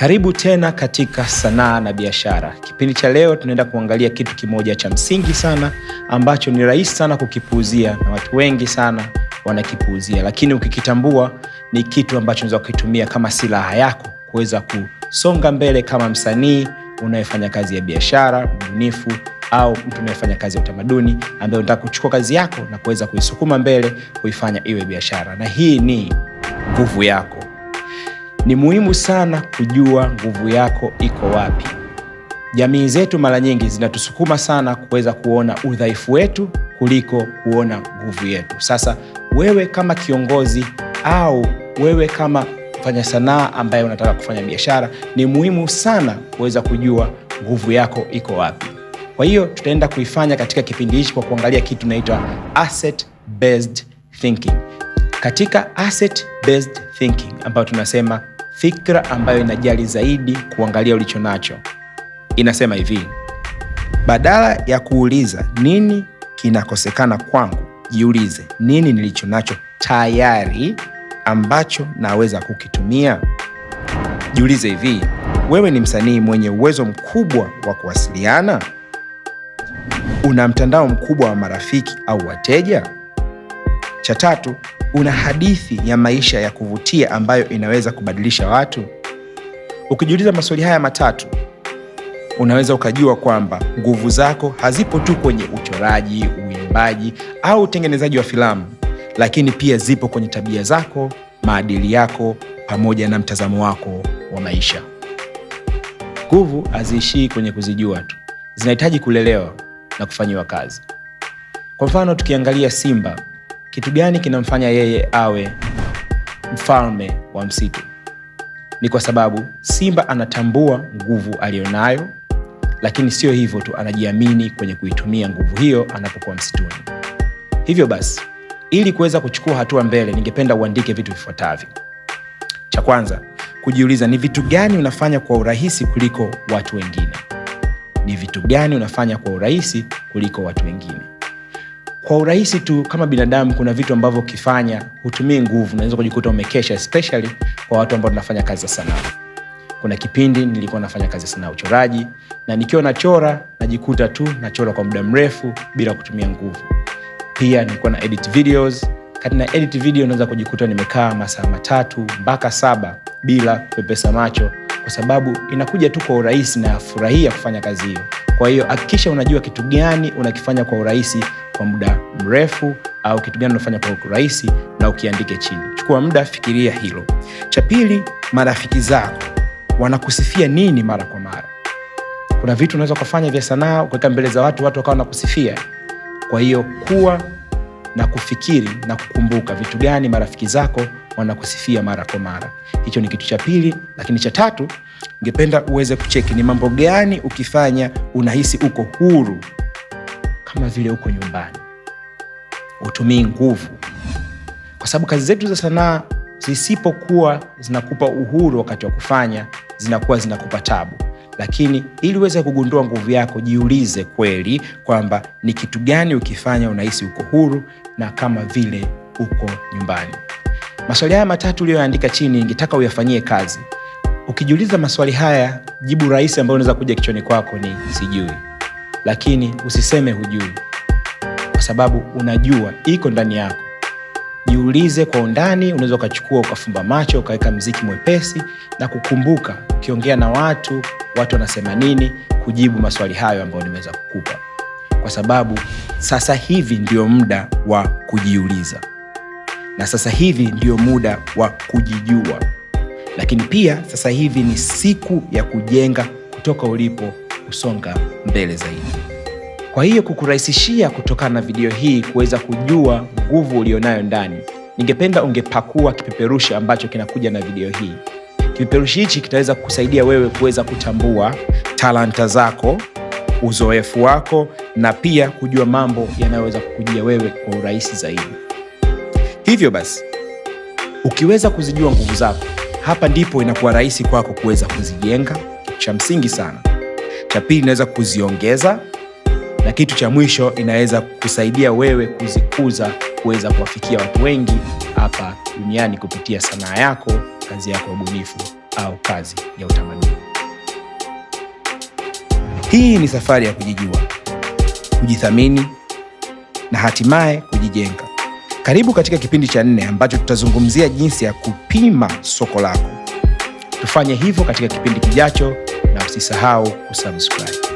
Karibu tena katika Sanaa na Biashara. Kipindi cha leo tunaenda kuangalia kitu kimoja cha msingi sana ambacho ni rahisi sana kukipuuzia na watu wengi sana wanakipuuzia, lakini ukikitambua ni kitu ambacho unaweza kukitumia kama silaha yako kuweza kusonga mbele kama msanii unayefanya kazi ya biashara, mbunifu au mtu unayefanya kazi ya utamaduni ambaye unataka kuchukua kazi yako na kuweza kuisukuma mbele, kuifanya iwe biashara, na hii ni nguvu yako. Ni muhimu sana kujua nguvu yako iko wapi. Jamii zetu mara nyingi zinatusukuma sana kuweza kuona udhaifu wetu kuliko kuona nguvu yetu. Sasa wewe kama kiongozi au wewe kama fanya sanaa ambaye unataka kufanya biashara, ni muhimu sana kuweza kujua nguvu yako iko wapi. Kwa hiyo tutaenda kuifanya katika kipindi hichi kwa kuangalia kitu inaitwa asset based thinking. Katika asset based thinking ambayo tunasema fikra ambayo inajali zaidi kuangalia ulicho nacho. Inasema hivi: badala ya kuuliza nini kinakosekana kwangu, jiulize nini nilicho nacho tayari ambacho naweza kukitumia. Jiulize hivi, wewe ni msanii mwenye uwezo mkubwa wa kuwasiliana? Una mtandao mkubwa wa marafiki au wateja? Cha tatu, una hadithi ya maisha ya kuvutia ambayo inaweza kubadilisha watu? Ukijiuliza maswali haya matatu, unaweza ukajua kwamba nguvu zako hazipo tu kwenye uchoraji, uimbaji au utengenezaji wa filamu, lakini pia zipo kwenye tabia zako, maadili yako, pamoja na mtazamo wako wa maisha. Nguvu haziishii kwenye kuzijua tu, zinahitaji kulelewa na kufanyiwa kazi. Kwa mfano, tukiangalia simba kitu gani kinamfanya yeye awe mfalme wa msitu? Ni kwa sababu simba anatambua nguvu aliyonayo, lakini sio hivyo tu, anajiamini kwenye kuitumia nguvu hiyo anapokuwa msituni. Hivyo basi, ili kuweza kuchukua hatua mbele, ningependa uandike vitu vifuatavyo. Cha kwanza, kujiuliza ni vitu gani unafanya kwa urahisi kuliko watu wengine. Ni vitu gani unafanya kwa urahisi kuliko watu wengine? kwa urahisi tu kama binadamu, kuna vitu ambavyo ukifanya hutumii nguvu, naeza kujikuta umekesha, especially kwa watu ambao tunafanya kazi za sanaa. Kuna kipindi nilikuwa nafanya kazi ya uchoraji, na nikiwa nachora najikuta tu nachora kwa muda mrefu bila kutumia nguvu. Pia nilikuwa na edit videos, kati na edit video naweza kujikuta nimekaa masaa matatu mpaka saba bila kupepesa macho kwa sababu inakuja tu kwa urahisi na furahia kufanya kazi hiyo. Kwa hiyo hakikisha unajua kitu gani unakifanya kwa urahisi kwa muda mrefu, au kitu gani unafanya kwa urahisi, na ukiandike chini. Chukua muda, fikiria hilo. Cha pili, marafiki zako wanakusifia nini mara kwa mara? Kuna vitu unaweza ukafanya vya sanaa ukaweka mbele za watu, watu wakawa wanakusifia. Kwa hiyo kuwa na kufikiri na kukumbuka vitu gani marafiki zako wanakusifia mara kwa mara. Hicho ni kitu cha pili, lakini cha tatu ningependa uweze kucheki ni mambo gani ukifanya unahisi uko huru, kama vile uko nyumbani, utumii nguvu, kwa sababu kazi zetu za sanaa zisipokuwa zinakupa uhuru wakati wa kufanya, zinakuwa zinakupa tabu. Lakini ili uweze kugundua nguvu yako, jiulize kweli kwamba ni kitu gani ukifanya unahisi uko huru na kama vile uko nyumbani. Maswali haya matatu uliyoandika chini ningetaka uyafanyie kazi. Ukijiuliza maswali haya, jibu rahisi ambayo unaweza kuja kichwani kwako ni sijui, lakini usiseme hujui, kwa sababu unajua iko ndani yako. Jiulize kwa undani, unaweza ukachukua ukafumba macho ukaweka mziki mwepesi na kukumbuka, ukiongea na watu, watu wanasema nini, kujibu maswali hayo ambayo nimeweza kukupa, kwa sababu sasa hivi ndio muda wa kujiuliza na sasa hivi ndio muda wa kujijua, lakini pia sasa hivi ni siku ya kujenga kutoka ulipo, kusonga mbele zaidi. Kwa hiyo kukurahisishia, kutokana na video hii kuweza kujua nguvu ulionayo ndani, ningependa ungepakua kipeperushi ambacho kinakuja na video hii. Kipeperushi hichi kitaweza kusaidia wewe kuweza kutambua talanta zako, uzoefu wako, na pia kujua mambo yanayoweza kukujia wewe kwa urahisi zaidi. Hivyo basi, ukiweza kuzijua nguvu zako, hapa ndipo inakuwa rahisi kwako kuweza kuzijenga, kitu cha msingi sana. Cha pili, inaweza kuziongeza, na kitu cha mwisho, inaweza kusaidia wewe kuzikuza, kuweza kuwafikia watu wengi hapa duniani kupitia sanaa yako, kazi yako ya ubunifu au kazi ya utamaduni. Hii ni safari ya kujijua, kujithamini na hatimaye kujijenga. Karibu katika kipindi cha nne ambacho tutazungumzia jinsi ya kupima soko lako. Tufanye hivyo katika kipindi kijacho, na usisahau kusubscribe.